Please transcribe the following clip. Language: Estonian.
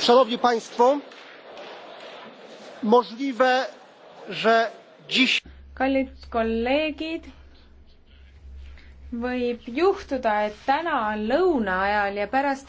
szanowni państwo możliwe że dziś kallid kolleegid võib juhtuda et täna lõuna ajal ja pärast